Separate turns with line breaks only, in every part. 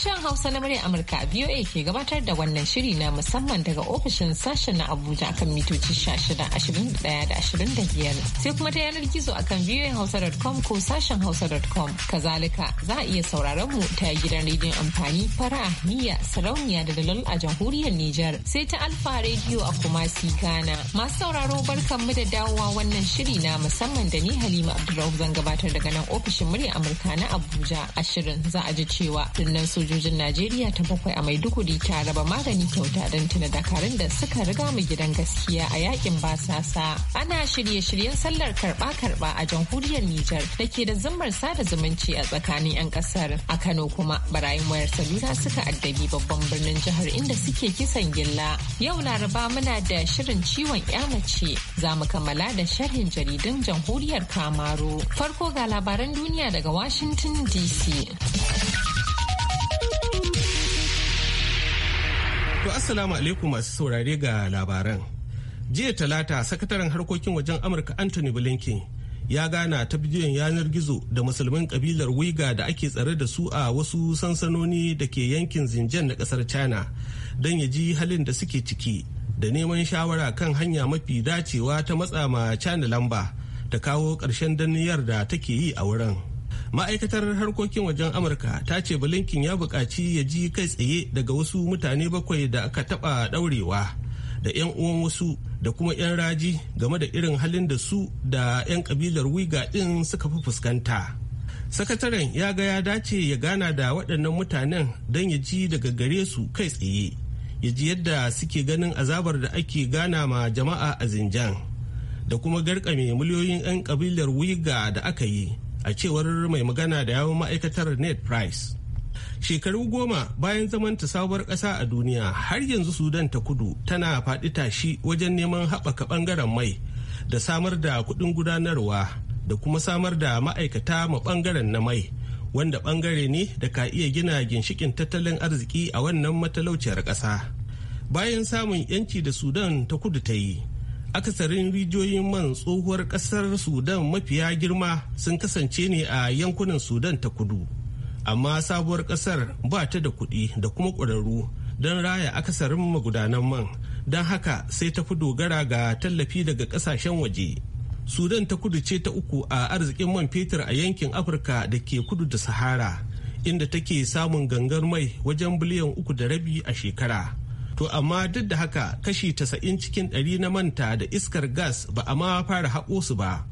Sashen Hausa na murya Amurka VOA ke gabatar da wannan shiri na musamman daga ofishin sashen na Abuja akan mitoci 16-21-25 sai kuma ta yanar gizo akan voahausa.com ko sashen hausa.com. Kazalika za a iya sauraron mu ta gidan rediyon amfani fara niyya sarauniya da dalol a jamhuriyar Nijar sai ta Alfa rediyo a Kumasi Ghana. Masu sauraro barkan mu da dawowa wannan shiri na musamman da ni Halima Abdulrahman zan gabatar daga nan ofishin murya Amurka na Abuja ashirin shirin za a ji cewa dunnan sojoji sojojin najeriya ta bakwai a maiduguri ta raba magani kyauta don tuna dakarun da suka riga mu gidan gaskiya a yakin basasa ana shirye-shiryen sallar karba-karba a jamhuriyar nijar da ke da zumar sada zumunci a tsakanin 'yan kasar a kano kuma barayin wayar salula suka addabi babban birnin jihar inda suke kisan gilla yau laraba muna da shirin ciwon mace za mu kammala da sharhin jaridun jamhuriyar kamaru farko ga labaran duniya daga washington dc
To Assalamu alaikum masu saurare ga labaran. Jiya talata sakataren harkokin wajen Amurka Anthony Blinken ya gana ta bidiyon yanar gizo da musulmin kabilar Wiga da ake tsare da su a wasu sansanoni da ke yankin Xinjiang na kasar China don ya ji halin da suke ciki da neman shawara kan hanya mafi dacewa ta matsa ma China lamba ta kawo ƙarshen danniyar da take yi a wurin. ma'aikatar harkokin wajen amurka ta ce blinken ya buƙaci ya ji kai tsaye daga wasu mutane bakwai da aka taɓa ɗaurewa da 'yan uwan wasu da kuma 'yan raji game da irin halin da su da 'yan kabilar wiga ɗin suka fi fuskanta sakataren ya ga ya dace ya gana da waɗannan mutanen don ya ji daga gare su kai tsaye ya ji yadda suke ganin azabar da ake gana ma jama'a a zinjan da kuma garkame miliyoyin 'yan kabilar wiga da aka yi a cewar mai magana da yawon ma'aikatar net price shekaru goma bayan zaman ta sabuwar ƙasa a duniya har yanzu sudan ta kudu tana faɗi tashi wajen neman haɓaka ɓangaren mai da samar da kuɗin gudanarwa da kuma samar da ma'aikata ma ɓangaren na mai wanda ɓangare ne da ka iya gina ginshikin tattalin arziki a wannan matalauciyar ƙasa bayan samun yanci da sudan ta kudu ta yi akasarin rijiyoyin man tsohuwar kasar sudan mafiya girma sun kasance ne a yankunan sudan ta kudu amma sabuwar kasar ba ta da kuɗi da kuma ƙwararru don raya akasarin magudanan man don haka sai ta fi dogara ga tallafi daga ƙasashen waje sudan ta kudu ce ta uku a arzikin man fetur a yankin afirka da ke kudu da sahara inda take samun gangar mai wajen biliyan uku da rabi a shekara To amma duk da haka kashi tasa'in cikin ɗari na manta da iskar gas ba a ma fara haƙo su ba.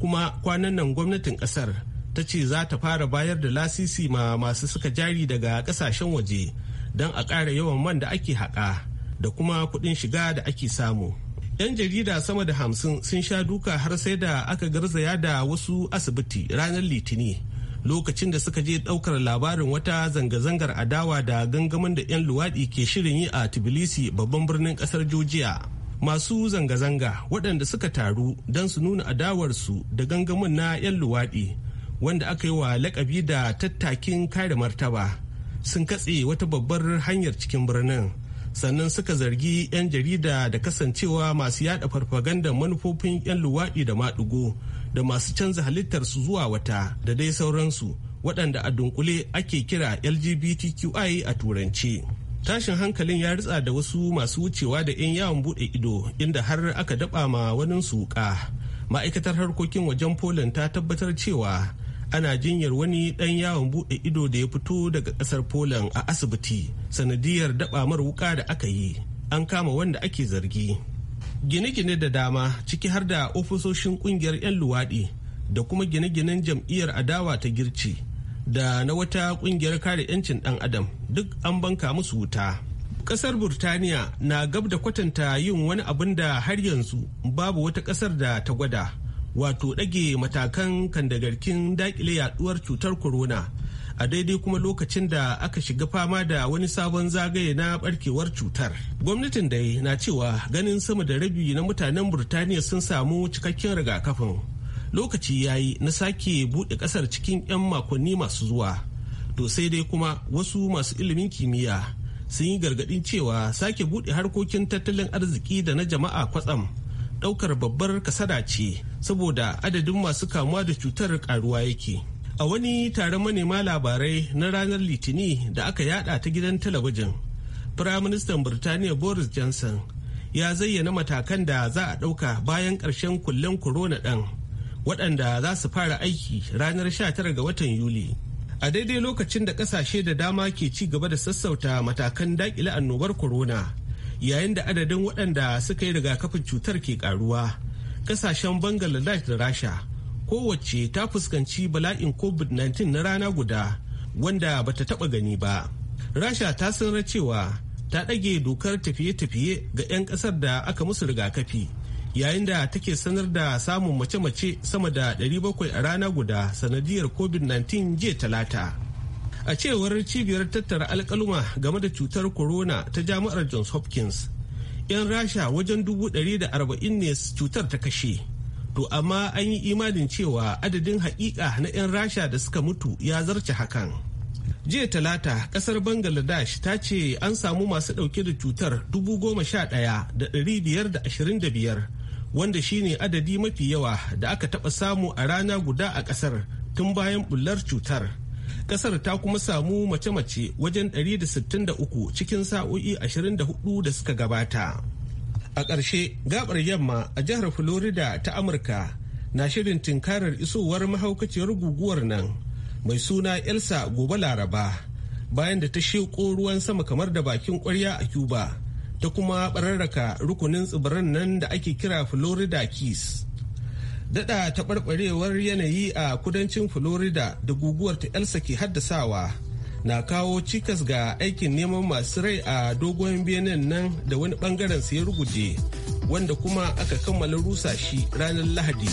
Kuma kwanan nan gwamnatin ƙasar ta ce za ta fara bayar da lasisi ma masu suka jari daga ƙasashen waje don a ƙara yawan man da ake haƙa da kuma kuɗin shiga da ake samu. 'Yan jarida sama da hamsin sun sha duka har sai da aka garzaya da wasu asibiti ranar Litini lokacin da suka je ɗaukar labarin wata zanga-zangar adawa da gangamin da 'yan luwaɗi ke shirin yi a Tbilisi babban birnin ƙasar Georgia. masu zanga-zanga waɗanda suka taru don su nuna adawarsu da gangamin na 'yan luwaɗi wanda aka yi wa lakabi da tattakin kare martaba sun katse wata babbar hanyar cikin birnin sannan suka zargi 'yan jarida da kasancewa masu yada farfagandan manufofin 'yan luwaɗi da maɗigo da masu canza halittarsu zuwa wata da dai sauransu waɗanda a dunkule ake kira lgbtqi a turance tashin hankalin ya ritsa da wasu masu wucewa da 'yan yawon buɗe ido inda har aka daɓa ma wani suka. ma'aikatar harkokin wajen poland ta tabbatar cewa ana jinyar wani ɗan yawon bude ido da ya fito daga ƙasar poland a asibiti sanadiyar daɓamar wuka da aka yi an kama wanda ake zargi gine-gine da dama ciki har da ofisoshin ƙungiyar 'yan luwaɗi da kuma gine-ginen jam'iyyar adawa ta girci da na wata ƙungiyar kare 'yancin ɗan adam duk an banka musu wuta kasar burtaniya na gab da kwatanta yin wani abin da har yanzu babu wata kasar da ta gwada wato ɗage matakan kan dagarkin dakile yaduwar cutar corona a daidai kuma lokacin da aka shiga fama da wani sabon zagaye na barkewar cutar gwamnatin dai na cewa ganin sama da rabi na mutanen burtaniya sun samu cikakken rigakafin lokaci ya yi na sake buɗe ƙasar cikin 'yan makonni masu zuwa to sai dai kuma wasu masu ilimin kimiyya sun yi gargaɗin cewa sake buɗe harkokin tattalin arziki da na jama'a kwatsam ɗaukar babbar kasada ce saboda adadin masu kamuwa da cutar karuwa yake a wani taron manema labarai na ranar litini da aka yada ta gidan talabijin firaministan birtaniya boris johnson ya zayyana matakan da za a ɗauka bayan ƙarshen kullen corona ɗan waɗanda za su fara aiki ranar 19 ga watan yuli a daidai lokacin da ƙasashe da dama ke ci gaba da sassauta matakan daƙile annobar corona yayin da adadin waɗanda suka yi rigakafin cutar ke ƙaruwa kasashen bangladesh da rasha kowace ta fuskanci bala'in covid-19 na rana guda wanda bata taba gani ba rasha ta sanar cewa ta ɗage dokar tafiye-tafiye ga 'yan ƙasar da aka musu rigakafi yayin da take sanar da samun mace-mace sama da 700 a rana guda sanadiyar covid-19 jiya talata a cewar cibiyar tattara alkaluma game da cutar corona ta jami'ar johns hopkins 'yan rasha wajen dubu ɗari da arba'in ne cutar ta kashe to amma an yi imanin cewa adadin haƙiƙa na 'yan rasha da suka mutu ya zarce hakan jiya talata ƙasar bangladesh ta ce an samu masu ɗauke da cutar dubu goma sha ɗaya da ɗari biyar da ashirin da biyar wanda shine adadi mafi yawa da aka taɓa samu a rana guda a ƙasar tun bayan ɓullar cutar Kasar ta kuma samu mace-mace wajen 163 cikin sa'o'i 24 da suka gabata. A ƙarshe, gabar yamma a jihar Florida ta Amurka na shirin tinkarar isowar mahaukaciyar guguwar nan mai suna Elsa gobe Laraba bayan da ta sheƙo ruwan sama kamar da bakin ƙwarya a Cuba ta kuma bararraka rukunin tsibiran nan da ake kira Florida Keys. Dada taɓarɓarewar yanayi a kudancin Florida da guguwar ta Elsa ke haddasawa na kawo cikas ga aikin neman masu rai a dogon benin nan da wani bangaren ya ruguje wanda kuma aka kammala rusa shi ranar Lahadi.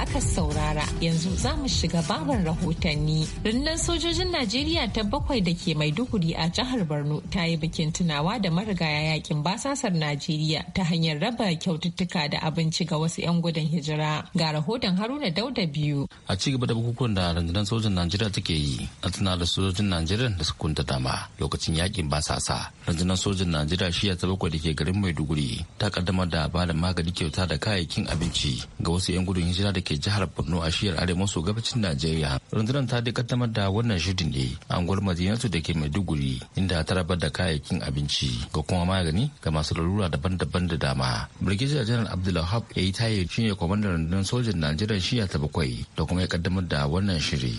aka saurara yanzu za mu shiga babar rahotanni. Rundunar sojojin Najeriya ta bakwai da ke Maiduguri a jihar Borno ta yi bikin tunawa da marigaya yakin basasar Najeriya ta hanyar raba kyaututtuka da abinci ga wasu 'yan gudun hijira. Ga rahoton Haruna Dauda
biyu. A ci gaba da bukukuwan da rundunar sojin Najeriya take yi, a tunawa da sojojin Najeriya da su kunta dama lokacin yakin basasa. Rundunar sojin Najeriya shiya ta bakwai da ke garin Maiduguri ta kaddamar da ba da magani kyauta da kayayyakin abinci ga wasu 'yan gudun hijira da da ke jihar borno a shiyar arewa maso gabacin najeriya rundunar ta dai kaddamar da wannan shirin ne a unguwar madinatu da ke maiduguri inda ta rabar da kayayyakin abinci ga kuma magani ga masu lalura daban-daban da dama brigadier general abdulhab ya yi taye shi ne kwamandan rundunar sojan najeriya shiya ta bakwai da kuma ya kaddamar da wannan shiri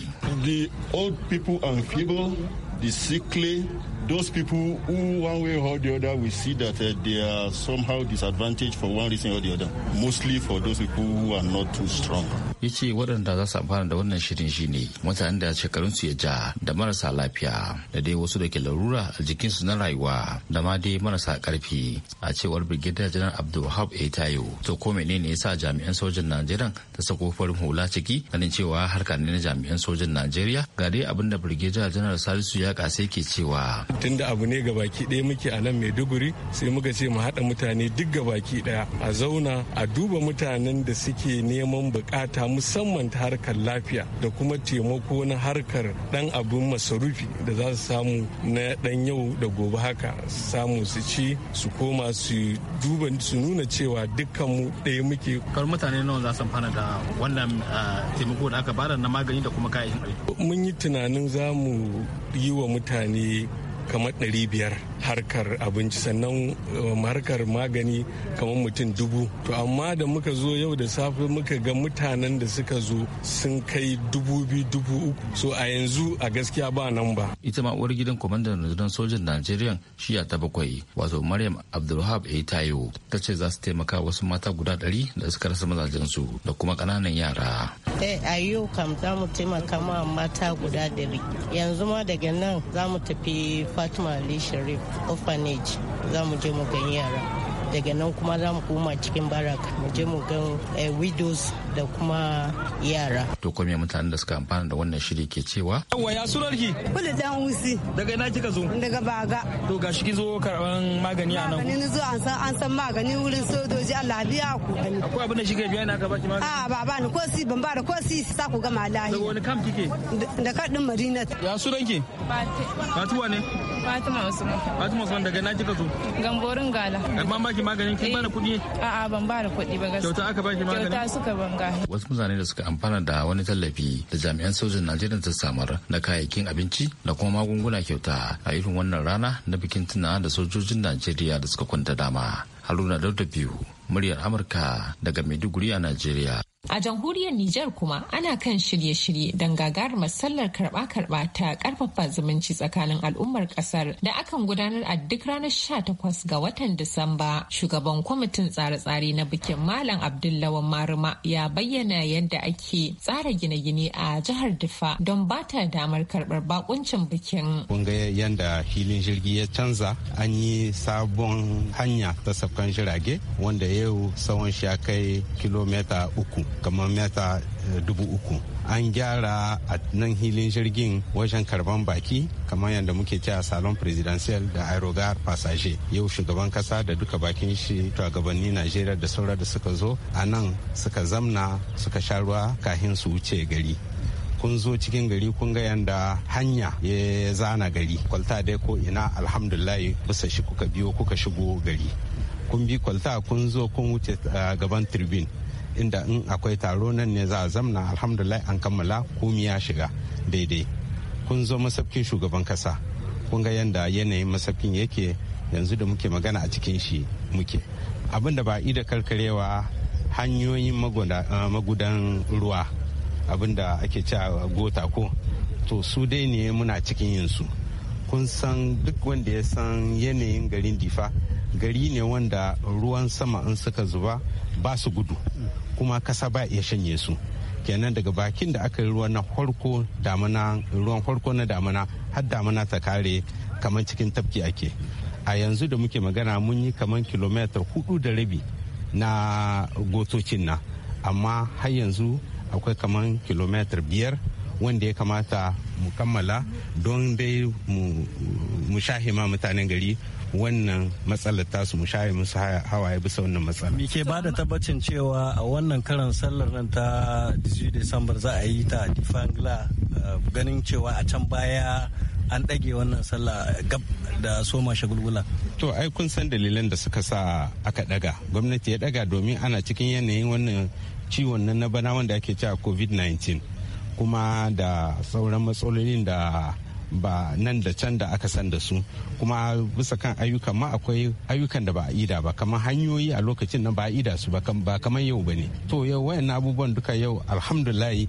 the old people and feeble the sickly those people who one way or the other we see that uh, they are somehow disadvantaged for one reason or the other mostly for those people who are not too strong yace waɗanda za su amfana da wannan shirin shine mutanen da shekarunsu ya ja da marasa lafiya da dai wasu da ke larura a jikinsu na rayuwa da ma dai marasa karfi a cewar brigadier general abdulwahab a tayo to ko menene ya sa jami'an sojan najeriya ta sako farin hula ciki ganin cewa harka ne na jami'an sojan najeriya ga dai abin da brigadier general salisu ya kase ke cewa tunda
abu ne ga baki ɗaya muke a nan maiduguri sai muka ce mu haɗa mutane duk ga baki ɗaya a zauna a duba mutanen da suke neman bukata musamman ta harkar lafiya da kuma taimako na harkar ɗan abin masarufi da za su samu na ɗan yau da gobe haka samu su ci su koma su duba su nuna cewa dukkanmu ɗaya muke kar mutane nawa za su fara da wannan ah,
taimako da aka bada na magani da kuma kayayyakin
mun yi tunanin za mu yi wa mutane kamar ɗari biyar harkar abinci sannan um, harkar magani kamar mutum dubu to amma da muka zo yau da safe muka ga mutanen da suka zo sun kai dubu biyu dubu uku so a yanzu a gaskiya ba nan ba
ita ma uwar gidan kwamandan rundunar sojan najeriya shiya ta bakwai wato maryam abdulhab eitayo ta ce za su taimaka wasu mata guda ɗari da suka rasa mazajensu da kuma kananan yara
eh a kam za mu taimaka ma mata guda ɗari yanzu ma daga nan za mu tafi fatima ali sharif orphanage za mu je mu gan yara daga nan kuma za mu koma cikin barak mu je mu gan eh, widows da kuma
yara to ko me mutanen da suka amfana da wannan shiri ke cewa
yawa
ya
surarki kula dan usi daga ina kika zo daga baga to gashi ki zo karban magani a nan magani zo
an san an san magani
wurin sojoji Allah biya ku akwai
abin da shi ke biya na ka baki magani a
baba ni ko si ban ba da ko
si sa ku gama lahi daga wani kam kike da kadin Madina. ya suranki Fatima ne fatima usman fatima usman daga ina kika zo gamborin gala amma ki. maganin kin eh. bada kuɗi? A'a ban bada kuɗi ba gaskiya. Kyauta aka shi maganin? Kyauta suka banga. Wasu mutane da suka amfana da wani tallafi da jami'an sojin Najeriya ta samar na kayayyakin abinci da kuma magunguna kyauta a irin wannan rana na bikin tuna da sojojin Najeriya da suka kwanta dama. Haruna Dauda biyu muryar Amurka daga Maiduguri a Najeriya.
A jamhuriyar Nijar kuma ana kan shirye-shirye don gagarumar sallar karba-karba ta karfafa zumunci tsakanin al'ummar kasar da akan gudanar a duk ranar 18 ga watan Disamba. Shugaban kwamitin tsare-tsare na bikin Malam Abdullawan Maruma ya bayyana yadda ake tsara gine-gine a jihar Difa don ba ta damar karbar bakuncin bikin.
Kun yadda filin jirgi ya canza an yi sabon hanya ta sabkan jirage wanda yau tsawon shi kai kilomita uku. kamar mita eh, dubu uku an gyara a nan hilin jirgin wajen karban baki kamar yadda muke cewa salon presidential da aerogar passage yau shugaban kasa da duka bakin shi shugabanni najeriya da saura da suka zo a nan suka zamna suka sha ruwa kahin su wuce gari kun zo cikin gari kun ga yanda hanya ya zana gari kwalta dai ko ina alhamdulahi bisa shi kuka biyo kuka shigo gari kun bi kwalta kun zo kun wuce eh, gaban tribune inda in akwai taro nan ne za a zamna alhamdulillah an kammala komi ya shiga daidai kun zo masafkin shugaban kasa kun ga yadda yanayin masafkin yake yanzu da muke magana a cikin shi muke abinda da ba ida karkarewa hanyoyin eh, magudan ruwa abinda da ake a gota ko to su dai ne muna cikin yin su kun san duk wanda ya san yanayin garin difa gari ne wanda ruwan sama in suka zuba ba su gudu kuma kasa ba iya shanye su kenan daga bakin da aka yi ruwan na farko damana ruwan farko na damana har damana ta kare kamar cikin tafki ake a yanzu da muke magana mun yi kamar kilomita hudu da rabi na gotocin na amma har yanzu akwai kamar kilomita biyar wanda ya kamata mu kammala don dai mu ma mutanen gari wannan matsalar tasu mu shaye musu hawaye bisa wannan matsala. Mike ba da tabbacin cewa a wannan karan sallar nan ta 18 Disambar za a yi ta Difangla eh, ganin cewa a can baya an ɗage wannan sallah gab da soma shagulgula. To ai kun san dalilan da suka sa aka ɗaga. Gwamnati ya ɗaga domin ana cikin yanayin wannan ciwon nan na bana wanda ake cewa COVID-19. kuma da sauran matsalolin da ba nan da can da aka san da su kuma bisa kan ayyukan ma akwai ayyukan da ba a ida ba kamar hanyoyi a lokacin nan ba a ida su ba kamar yau ba ne to yau wayan abubuwan duka yau alhamdulahi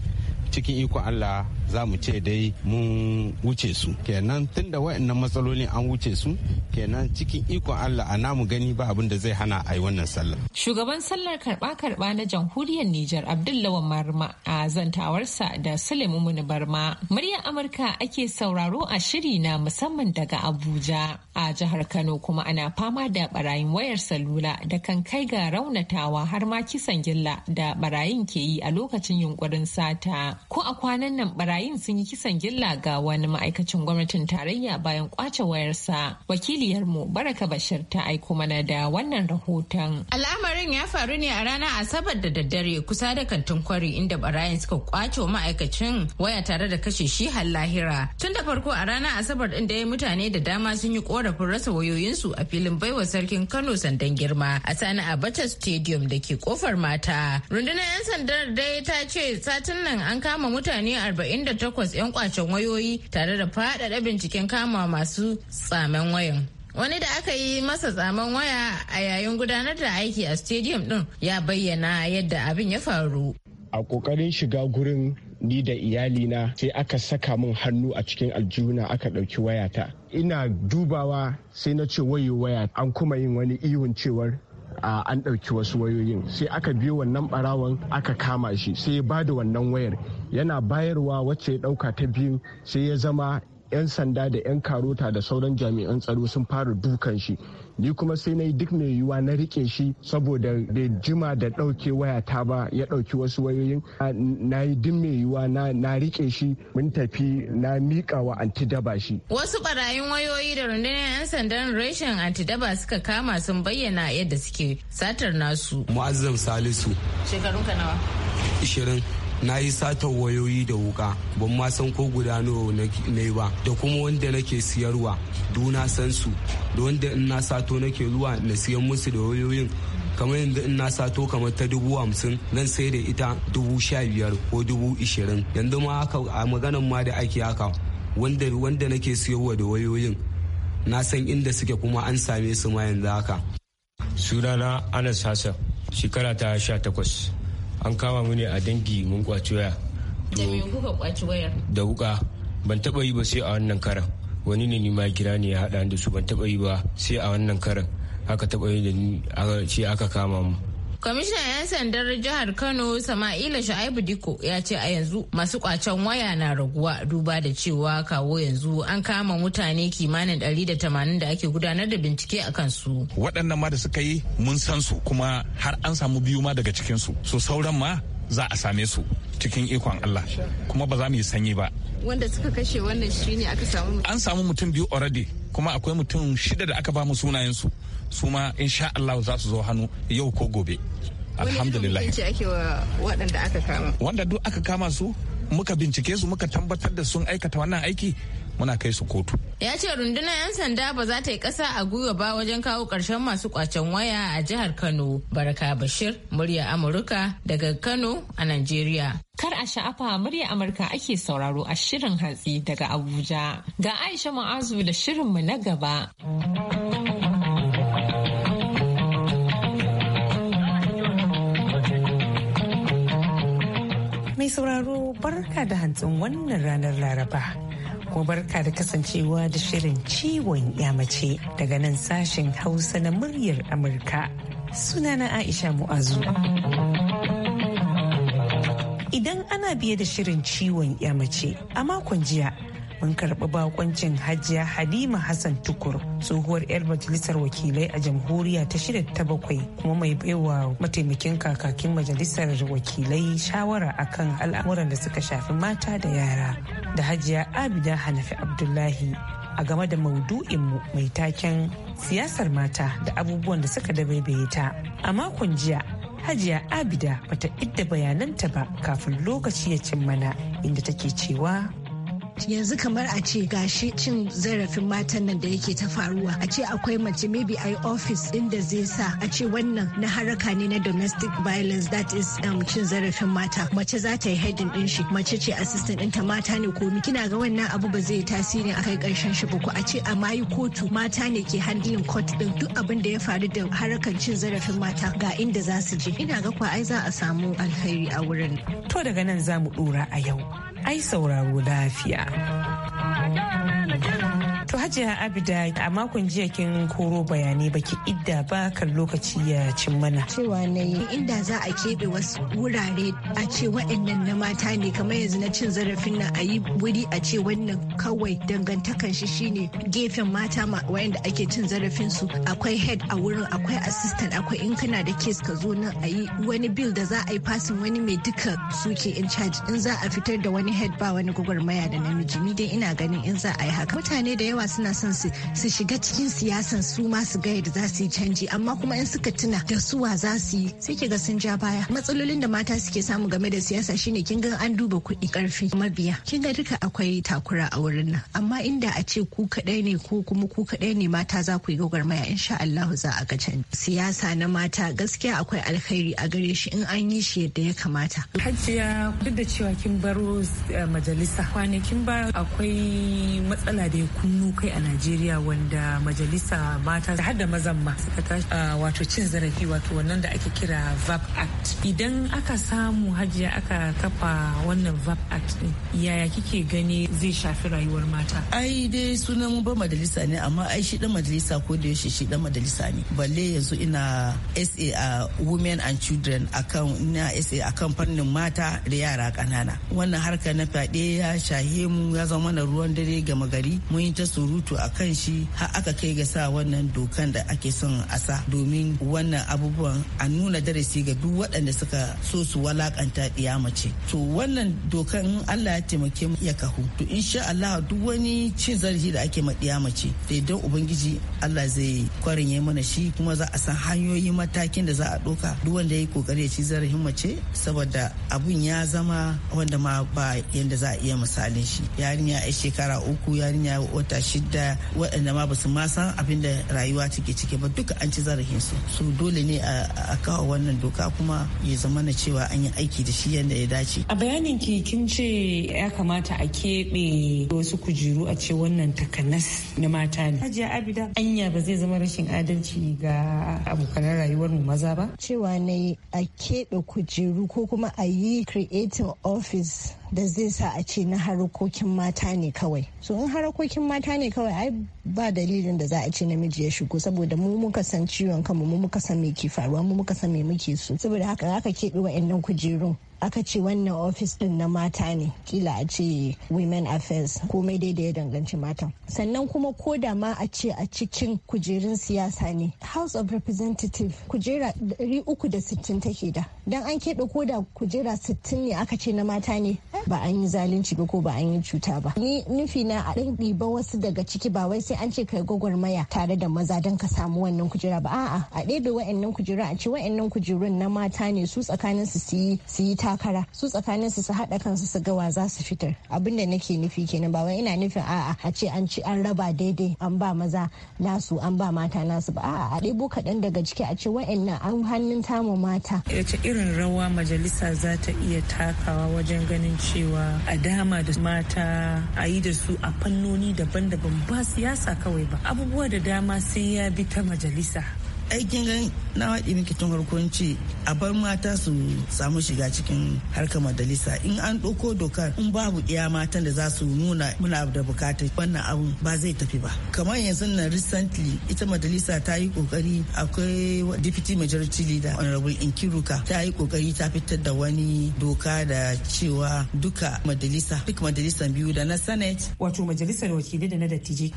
cikin iko Allah za mu ce dai mun wuce su kenan wa'in wayannan matsaloli an wuce su kenan cikin iko Allah a namu gani ba abin da zai hana a yi wannan sallah
shugaban sallar karɓa karɓa na jamhuriyar Nijar Abdullawa Marma a zantawarsa da Suleiman Muni Barma muryar Amurka ake sauraro a shiri na musamman daga Abuja a jihar Kano kuma ana fama da barayin wayar salula da kan kai ga raunatawa har ma kisan gilla da barayin ke yi a lokacin yunkurin sata ko a kwanan nan barayin sun yi kisan gilla ga wani ma'aikacin gwamnatin tarayya bayan kwace wayarsa wakiliyarmu baraka bashir ta aiko mana da wannan rahoton al'amarin ya faru ne a ranar asabar da daddare kusa da kantin kwari inda barayin suka
kwace wa ma'aikacin waya tare da kashe shi har lahira tun da farko a ranar asabar din da ya mutane da dama sun yi korafin rasa wayoyinsu a filin baiwa sarkin kano sandan girma a sani abacha stadium da ke kofar mata rundunar 'yan sandar dai ta ce satin nan an kama kama mutane 48 'yan kwacen wayoyi tare da faɗaɗa binciken kama masu tsamen wayan. wani da aka yi masa tsaman waya a yayin gudanar da aiki a stadium ɗin ya bayyana yadda abin ya faru
a kokarin shiga gurin ni da iyalina sai aka saka min hannu a cikin aljihuna aka ɗauki wayata ina dubawa sai na ce wayo waya an kuma yin wani ihun cewar an ɗauki wasu wayoyin sai aka biyo wannan ɓarawon aka kama shi sai ya bada wannan wayar yana bayarwa wacce ya ɗauka ta biyu sai ya zama 'yan sanda da 'yan karota da sauran jami'an tsaro sun fara dukan shi ni kuma sai na yi duk mai yiwuwa na rike shi saboda bai jima da ɗauke waya ta ba ya ɗauki wasu wayoyin na yi duk mai yiwuwa na rike shi mun tafi na miƙa wa antidaba shi.
Wasu barayin wayoyi da rundunar 'yan sandan reshen antidaba suka kama sun bayyana yadda suke
satar nasu. Mu'azzam Salisu.
Shekarunka nawa?
Ishirin. na yi sata wayoyi da wuka ban ma san ko guda na yi ba da kuma wanda nake siyarwa duna san su da wanda in na sato nake zuwa na siyan musu da wayoyin kamar yanzu in na sato kamar ta dubu hamsin zan sai da ita dubu sha biyar ko dubu ishirin yanzu ma haka a maganan ma da ake haka wanda wanda nake siyarwa da wayoyin
na san inda suke kuma an same su ma yanzu haka sunana anas hassan shekara ta sha takwas an kama mu ne a dangi mun kwaci waya
da
da wuka ban taba yi ba sai a wannan karan wani ne ni ma kira ne ya haɗa da su ban taba yi ba sai a wannan karan aka taba yi da ni shi
aka kama mu
Kwamishinan 'yan sandar jihar Kano Sama'ila Sha'aibu Diko ya ce a yanzu masu kwacen waya na raguwa duba da cewa kawo yanzu an kama mutane kimanin 180 da ake gudanar da bincike a kansu.
Waɗannan ma da suka yi mun san su kuma har an samu biyu ma daga cikinsu. So sauran ma za a same su cikin ikon Allah kuma ba za mu yi sanyi ba.
Wanda suka kashe wannan shi ne aka samu mutum?
An samu mutum biyu already kuma akwai mutum shida da aka ba mu sunayensu su ma insha Allah za su zo hannu yau ko gobe alhamdulillah
waɗanda aka kama
wanda duk aka kama su muka bincike su muka tabbatar da sun aikata wannan aiki muna kai su kotu.
Ya ce rundunar 'yan sanda ba za ta yi ƙasa a gwiwa ba wajen kawo ƙarshen masu ƙwacen waya a jihar Kano. Baraka Bashir, murya Amurka daga Kano a Najeriya. Kar a sha'afa
murya Amurka ake sauraro a shirin hatsi daga Abuja. Ga Aisha Ma'azu da shirin mu na gaba.
Mai sauraro barka da hantsin wannan ranar Laraba. Kuma barka da kasancewa da shirin ciwon yamace daga nan sashen Hausa na muryar Amurka. suna na Aisha Mu'azu. Idan ana biye da shirin ciwon yamace a makon jiya mun karɓi bakoncin hajiya halima hassan tukur tsohuwar 'yar majalisar wakilai a jamhuriya ta shida ta bakwai kuma mai baiwa mataimakin kakakin majalisar wakilai shawara akan al'amuran da suka shafi mata da yara da hajiya abida hanafi abdullahi a game da maudu'inmu mai taken siyasar mata da abubuwan da suka dabaibaye ta a makon jiya hajiya abida bata idda bayananta ba kafin lokaci ya cin mana inda take cewa yanzu kamar a ce gashi cin zarafin
matan nan da yake ta faruwa a ce akwai mace maybe ai office ɗin da zai sa a ce wannan na haraka ne na domestic violence that is um, cin zarafin mata mace za ta yi heading din shi mace ce assistant ɗinta mata ne komi kina ga wannan abu ba zai tasiri a kai ƙarshen shi ba ko a ce a mayu kotu mata ne ke handling court din duk abin da ya faru da harakan cin zarafin mata
ga inda za su je ina ga kwa ai za a samu alheri a wurin to daga nan za mu dora a yau ai sauraro lafiya Najeriya. Hajiya Abida a makon jiya kin koro bayanai baki idda ba kan lokaci ya cin
mana.
Cewa na yi inda za a keɓe wasu wurare a ce waɗannan na mata ne kamar yanzu na cin zarafin nan a yi wuri a ce wannan kawai dangantakan shi shine gefen mata waɗanda ake cin zarafin su akwai head a wurin akwai assistant akwai in kana da case ka zo nan a yi wani bill da za a yi passing wani mai duka suke in charge in za a fitar da wani head ba wani gwagwarmaya da namiji ni dai ina ganin in za a yi haka mutane da yawa suna son su shiga cikin siyasan su ma su ga yadda za su yi canji amma kuma in suka tuna da suwa za su yi sai ki ga sun ja baya matsalolin da mata suke samu game da siyasa shine kin ga an duba kuɗi karfi mabiya kin ga duka akwai takura a wurin nan amma inda a ce ku kaɗai ne ko kuma ku kaɗai ne mata za ku yi gwagwarmaya sha Allah za a ga canji siyasa na mata
gaskiya akwai alkhairi a gare shi in an yi shi yadda ya kamata hajiya duk da cewa kin baro eh, majalisa kwanakin ba akwai matsala da ya kunnu akwai a najeriya wanda majalisa mata har da mazan ma suka tashi wato cin zarafi wato wannan da ake kira vap act idan aka samu hajiya aka kafa wannan vap act ɗin yaya kike gani zai shafi rayuwar mata
ai dai sunan mu ba majalisa ne amma ai shi dan majalisa ko da yaushe shi dan majalisa ne balle yanzu ina sa a women and children akan ina sa akan fannin mata da yara kanana wannan harka na fyaɗe ya shahe mu ya zama na ruwan dare gama gari mun yi ta suru surutu a kan shi har aka kai ga sa wannan dokan da ake son a sa domin wannan abubuwan a nuna darasi ga duk waɗanda suka so su walakanta ɗiya mace to wannan dokan Allah ya taimake mu ya kahu to insha Allah duk wani cin zarafi da ake ma ɗiya mace da idan ubangiji Allah zai kwarin ya mana shi kuma za a san hanyoyi matakin da za a ɗauka duk wanda ya kokari ya ci zarafin mace saboda abun ya zama wanda ma ba yanda za a iya misalin shi yarinya ya shekara uku yarinya ya wata da waɗanda ma basu ma san abin da rayuwa take ciki ba duka an ci zarafin su su dole ne a kawo wannan doka kuma ya zama na cewa an yi aiki da shi yadda ya dace
a bayanin ki kin ce ya kamata a keɓe wasu kujeru a ce wannan takanas na mata ne hajiya abida anya ba zai zama rashin adalci ga abokanan rayuwar mu maza ba cewa ne a keɓe kujeru ko kuma a yi creating office
da zai sa a ce na harkokin mata ne kawai so in harkokin mata ne kawai ai ba dalilin da za a ce namiji ya shigo saboda mu muka san ciwon kanmu mu muka san me ke faruwa mu muka san me muke so saboda haka aka keɓe wa'annan kujerun aka ce wannan ofis din na mata ne kila a ce women affairs komai dai da ya danganci matan sannan kuma ko da ma a ce a cikin kujerun siyasa ne house of representative kujera 360 take da dan an keɓe ko da kujera 60 ne aka ce na mata ne ba an yi zalunci ba ko ba an yi cuta ba ni nufi na a ɗan ɗiba wasu daga ciki ba wai sai an ce kai gwagwarmaya tare da maza don ka samu wannan kujera ba a'a a ɗebe wa'annan kujera a ce wa'annan kujerun na mata ne su tsakanin su su yi takara su tsakanin su su haɗa kansu su ga za su fitar abinda nake nufi kenan ba wai ina nufin a'a a ce an ci an raba daidai an ba maza nasu an ba mata nasu ba a'a a ɗebo kaɗan daga ciki a ce wa'annan an
hannun tamu mata. Yace irin rawa majalisa za ta iya takawa wajen ganin ci cewa a dama da mata a yi da su a fannoni daban-daban ba siyasa kawai ba abubuwa da dama sai ya bi ta majalisa aikin gan
na waɗi miki tun harkonci a bar mata su samu shiga cikin harkar majalisa in an ɗauko dokar in babu iya matan da za su nuna muna da bukatar wannan abu ba zai tafi ba kamar yanzu nan recently ita majalisa ta yi kokari akwai deputy majority leader honorable inkiruka ta yi kokari ta fitar da wani doka da cewa duka majalisa duk majalisan biyu da na senate wato majalisar wakilai da na dattijai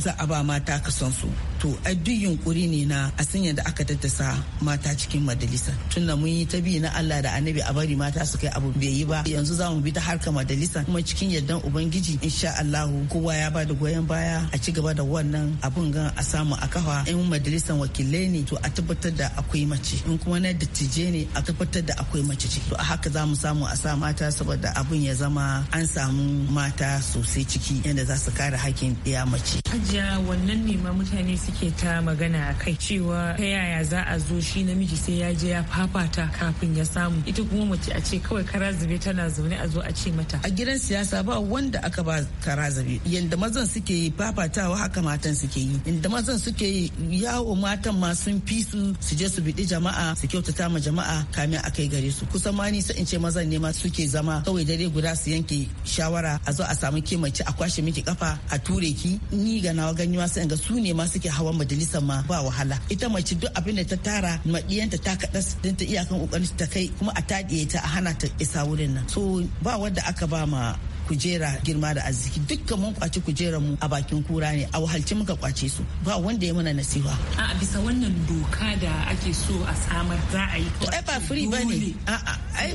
za a ba mata kasan su to a duk yunkuri ne na a a da yadda aka daddasa mata cikin majalisa da mun yi ta bi na Allah da annabi a bari mata su kai abu bai yi ba yanzu za mu bi ta harka majalisa kuma cikin yardan ubangiji insha Allah kowa ya ba da goyon baya a ci gaba da wannan abun gan a samu a kafa in majalisan wakilai ne to a tabbatar da akwai mace in kuma na dattije ne a tabbatar da akwai mace ciki to a haka za mu samu a sa mata saboda abun ya zama an samu mata sosai ciki yadda za su kare hakkin ɗaya mace.
Hajiya wannan ne ma mutane suke ta magana kai cewa cewa ta yaya za a zo shi namiji sai ya je ya fafata kafin ya samu ita kuma mace a ce kawai kara zube tana zaune a zo a ce
mata a gidan siyasa ba wanda aka ba kara zube yanda mazan suke yi fafatawa haka matan suke yi inda mazan suke yi yawo matan ma sun fi su su je su biɗi jama'a su kyautata ma jama'a kamin a kai gare su kusan ma ni sai in ce mazan ne ma suke zama kawai dare guda su yanke shawara a zo a samu ke mace a kwashe miki kafa a ture ki ni ga nawa ganyuwa sai in ga su ne ma suke hawan majalisar ma ba wahala ita ita mace duk abin da ta tara maɗiyanta ta kaɗas don ta iyakan ƙoƙarin ta kai kuma a taɗiye ta a hana ta isa wurin nan so ba wadda aka ba ma kujera girma da arziki dukkan mun kwaci kujerar mu a bakin kura ne a wahalci muka kwace su ba wanda ya mana nasiha
a bisa wannan doka da ake so a samar
za a yi to ai ba free bane a a ai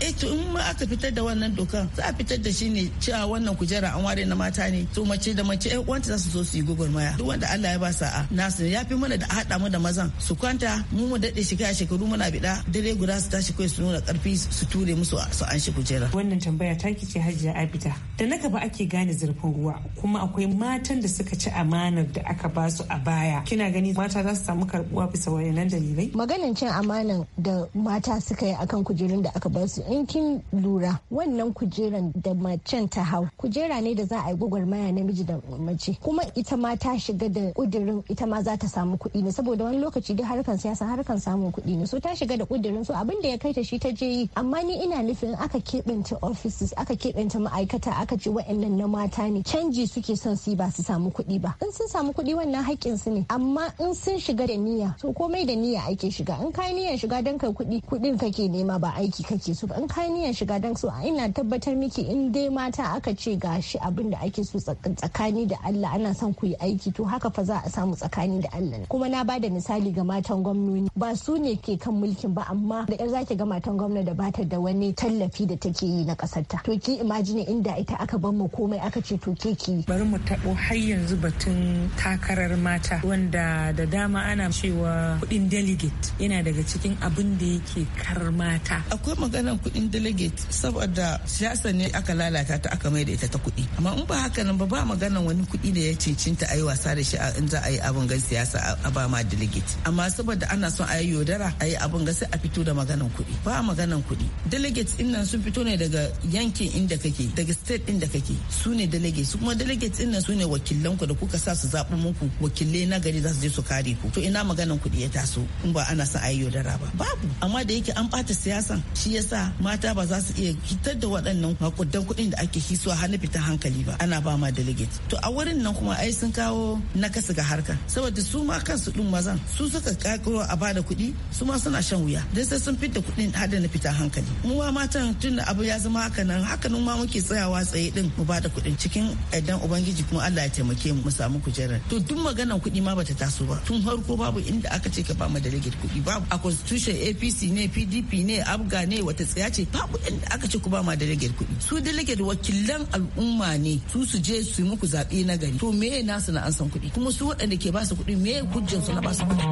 eh to in aka fitar da wannan dokan za a fitar da shi ne cewa wannan kujera an ware na mata ne to mace da mace ai wanda za su zo su yi maya duk wanda Allah ya ba sa'a nasu ya fi mana da hada mu da mazan su kwanta mu mu daɗe shekara shekaru muna biɗa dare guda su tashi kai su nuna karfi su ture musu su an shi kujera wannan tambaya
taki ce hajiya fita da na ake gane zurfin ruwa kuma akwai matan da suka ci amanar da aka ba su a baya kina gani mata za su samu karbuwa bisa wayannan dalilai maganin cin
amanan da mata suka yi akan kujerun da aka ba su in kin lura wannan kujeran da macen ta hau kujera ne da za a yi gwagwarmaya namiji da mace kuma ita ma ta shiga da kudirin ita ma za ta samu kuɗi ne saboda wani lokaci duk harkan siyasa harkan samun kuɗi ne so ta shiga da kudirin so abin da ya kai ta shi ta je yi amma ni ina nufin aka keɓanta offices aka ma' ma'aikata aka ce wa'annan na mata ne canji suke son su ba su samu kuɗi ba in sun samu kuɗi wannan haƙƙin su ne amma in sun shiga da niyya to komai da niyya ake shiga in kai niyya shiga dan kai kuɗi kuɗin kake nema ba aiki kake so in kai niyya shiga dan so ina tabbatar miki in dai mata aka ce gashi abin da ake so tsakani da Allah ana son ku yi aiki to haka fa za a samu tsakani da Allah kuma na bada misali ga matan gwamnoni ba su ne ke kan mulkin ba amma da yar zaki ga matan gwamna da bata da wani tallafi da take yi na kasarta to ki imagine inda ita aka ban mu komai aka ce to ki. bari mu tabo
har yanzu batun takarar mata wanda da dama ana cewa kudin delegate yana daga
cikin abin da yake kar mata akwai maganar kudin delegate saboda siyasa ne aka lalata ta aka mai da ita ta kudi amma in ba haka nan ba ba maganar wani kudi da ya cincinta a yi wasa da shi in za a yi abin gan siyasa a ba ma delegate amma saboda ana son a yi yaudara a yi abin ga sai a fito da maganan kudi ba maganar kudi delegates din nan sun fito ne daga yankin inda kake daga state din da kake su ne delegates kuma delegates din nan su ne wakilan da kuka sa su zaɓi muku wakilai na gari za su je su kare ku to ina maganan kuɗi ya taso in ba ana sa ayyo da raba babu amma da yake an bata siyasan shi yasa mata ba za su iya fitar da waɗannan makudan kuɗin da ake hisuwa har na fitan hankali ba ana ba ma delegates to a wurin nan kuma ai sun kawo nakasa ga harka saboda su ma kansu din mazan su suka kakiro a bada kuɗi su ma suna shan wuya dan sai sun fitar kuɗin hada na fitan hankali mu ma matan tun abu ya zama haka nan haka nan ma muke tsayawa tsaye din mu bada kuɗin cikin idan ubangiji kuma Allah ya taimake mu mu samu kujerar to duk maganar kuɗi ma bata taso ba tun farko babu inda aka ce ka ba mu delegate kuɗi babu a constitution APC ne PDP ne abga ne wata tsaya ce babu inda aka ce ku ba ma delegate kuɗi su delegate wakilan al'umma ne su su je su muku zaɓe na gari to meye nasu na an san kuɗi kuma su waɗanda ke ba su kuɗi me hujjansu na ba su kuɗi.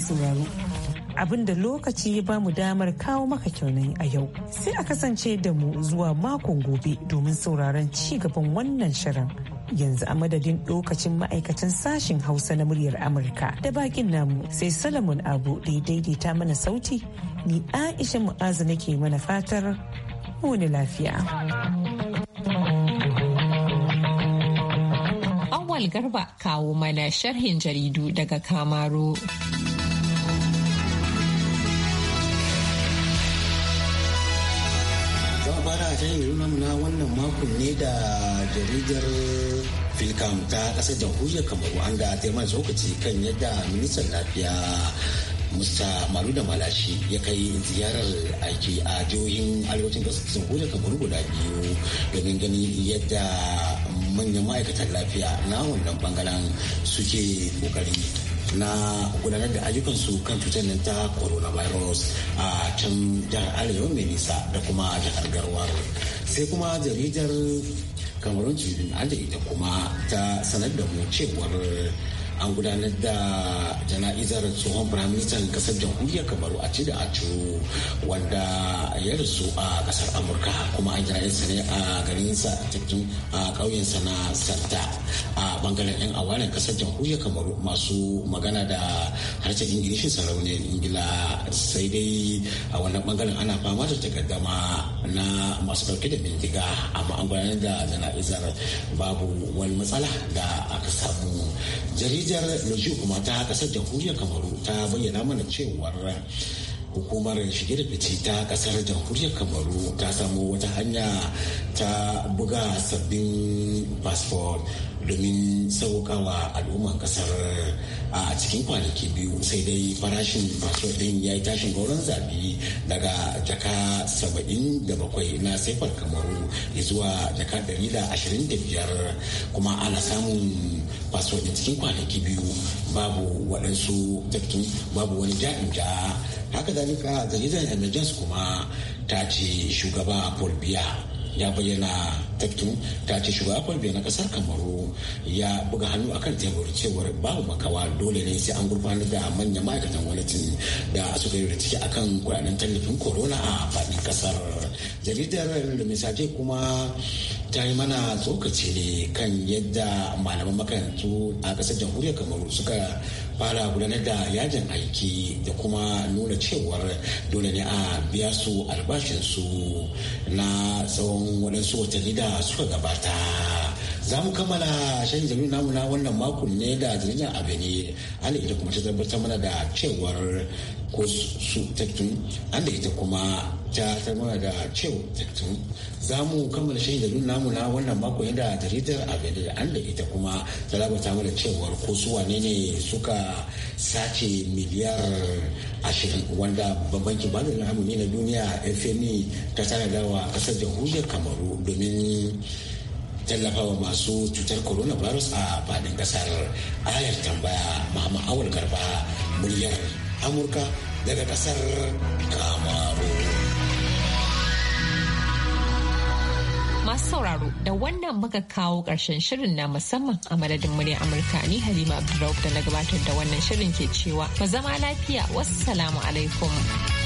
sauraro abin da lokaci ya ba mu damar kawo maka kyaunan a yau sai a kasance da mu zuwa makon gobe domin sauraron ci gaban wannan shirin yanzu a madadin lokacin ma'aikacin sashin hausa na muryar amurka da bakin namu sai salamun abu da ya mana sauti ni aisha mu'azu nake mana fatar wani lafiya
awal garba kawo mana sharhin jaridu daga kamaro.
wajen yaro nuna na wannan makon ne da jaridar filkam ta kasar jamhuriyar kamaru an da ta mai tsokaci kan yadda ministan lafiya musta malu da malashi ya kai ziyarar aiki a jihohin arewacin kasar jamhuriyar kamaru guda biyu domin ganin yadda manyan ma'aikatan lafiya na wannan bangaren suke kokari na gudanar da su kan cutar nan ta coronavirus a can jihar arewa mai nisa da kuma jihar garwa sai kuma jaridar kamarun cibin an ita kuma ta sanar da mu cewar an gudanar da jana'izar tsohon firaministan kasar jamhuriyar kamaru a cida a wanda ya rasu a kasar amurka kuma an jana'izar ne a garinsa cikin a sa na santa a bangaren yan awalen kasar jamhuriyar kamaru masu magana da harshen ingilishi sarauniyar ingila sai dai a wannan bangaren ana fama da takaddama na masu ɗauke da bindiga amma an gudanar da jana'izar babu wani matsala da aka samu jarida Nijar Lajiyo kuma ta kasar jamhuriyar Kamaru ta bayyana mana cewar hukumar shige da fice ta kasar jamhuriyar kamaru ta samu wata hanya ta buga sabbin fasfon. domin sauƙawa al'umman kasar a cikin kwanaki biyu sai dai farashin kasuwar din ya yi tashin gauran zabi daga jaka saba'in da bakwai na saifar kamaru zuwa jaka dari da ashirin da biyar kuma ana samun kasuwar din cikin kwanaki biyu babu waɗansu tafkin babu wani ja'in ja haka zalika jaridar emergence kuma ta ce shugaba paul biya ya bayyana tattu ta ce shugaba kwalbe na kasar kamaru ya buga hannu akan tebur cewar babu makawa dole ne sai an gurfanar da manyan ma'aikatan gwamnati da suka yi ciki akan kuɗaɗen tallafin corona a faɗin kasar jaridar da kuma ta yi mana tsokaci ne kan yadda malaman makarantu a kasar jamhuriyar kamaru suka fara gudanar da yajin aiki da kuma nuna cewar dole ne a biya su albashinsu na tsawon waɗansu watanni da suka gabata. za mu kammala shan jami'u namu na wannan makon ne da jirgin bene an da ita kuma ta tabbatar mana da cewar ko su tattun an da ita kuma ta mana da cewa tattun za mu kammala shan jami'u namu na wannan makon yadda jaridar bene an da ita kuma ta labata mana cewar ko su wane ne suka sace miliyar ashirin wanda babban kimanin na na duniya fmi ta tanada wa kasar jamhuriyar kamaru domin tallafawa masu cutar coronavirus a fadin ƙasar ayar tambaya mahama Awul Garba muryar Amurka daga ƙasar Kamaru.
Masu sauraro da wannan muka kawo ƙarshen shirin na musamman a madadin muryar Amurka ni Halima Abdulrahman da na gabatar da wannan shirin ke cewa mu zama lafiya wasu salamu alaikum.